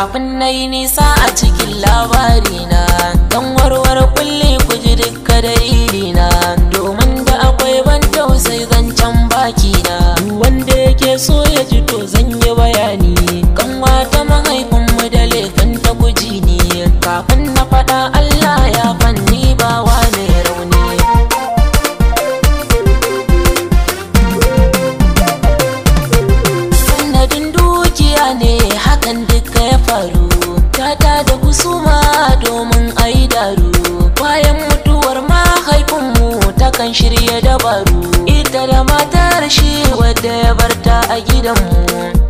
kafin na nisa a cikin labarina suma domin aidaru bayan mutuwar mahaifinmu kan shirya dabaru ita da matar shi wadda ya barta a gidanmu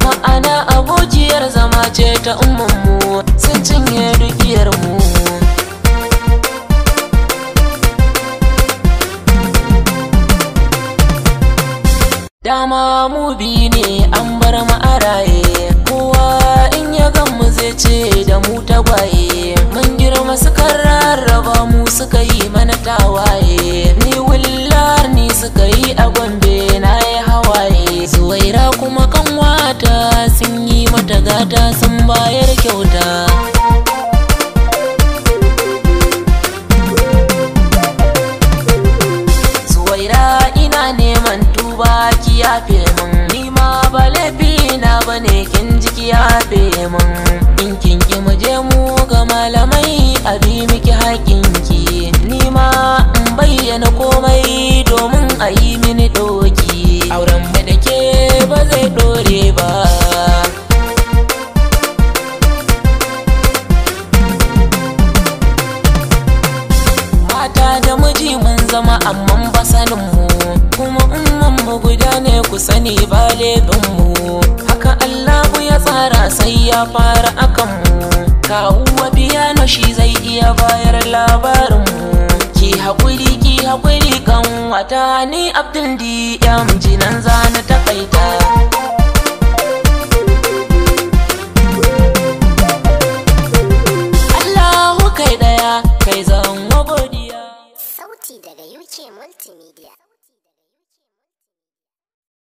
ma'ana abokiyar zama ce ta ummanmu sun cinye dukiyarmu dama mu biyu ne an bar mu a kowa in ya gan mu zai ce mata sun yi mata gata sun bayar kyauta Suwaira ina neman tuba ki yafe min ni ba laifi na bane kin ji ki min daɗi ba mata da miji mun zama amman ba saninmu kuma in mu guda ne ku sani ba mu haka allahu ya tsara sai ya fara akan mu kawuwa biyano shi zai iya bayar mu ki haƙuri ki haƙuri kan wata ni abdul di ya mji zana takaita sauti daga UK Multimedia.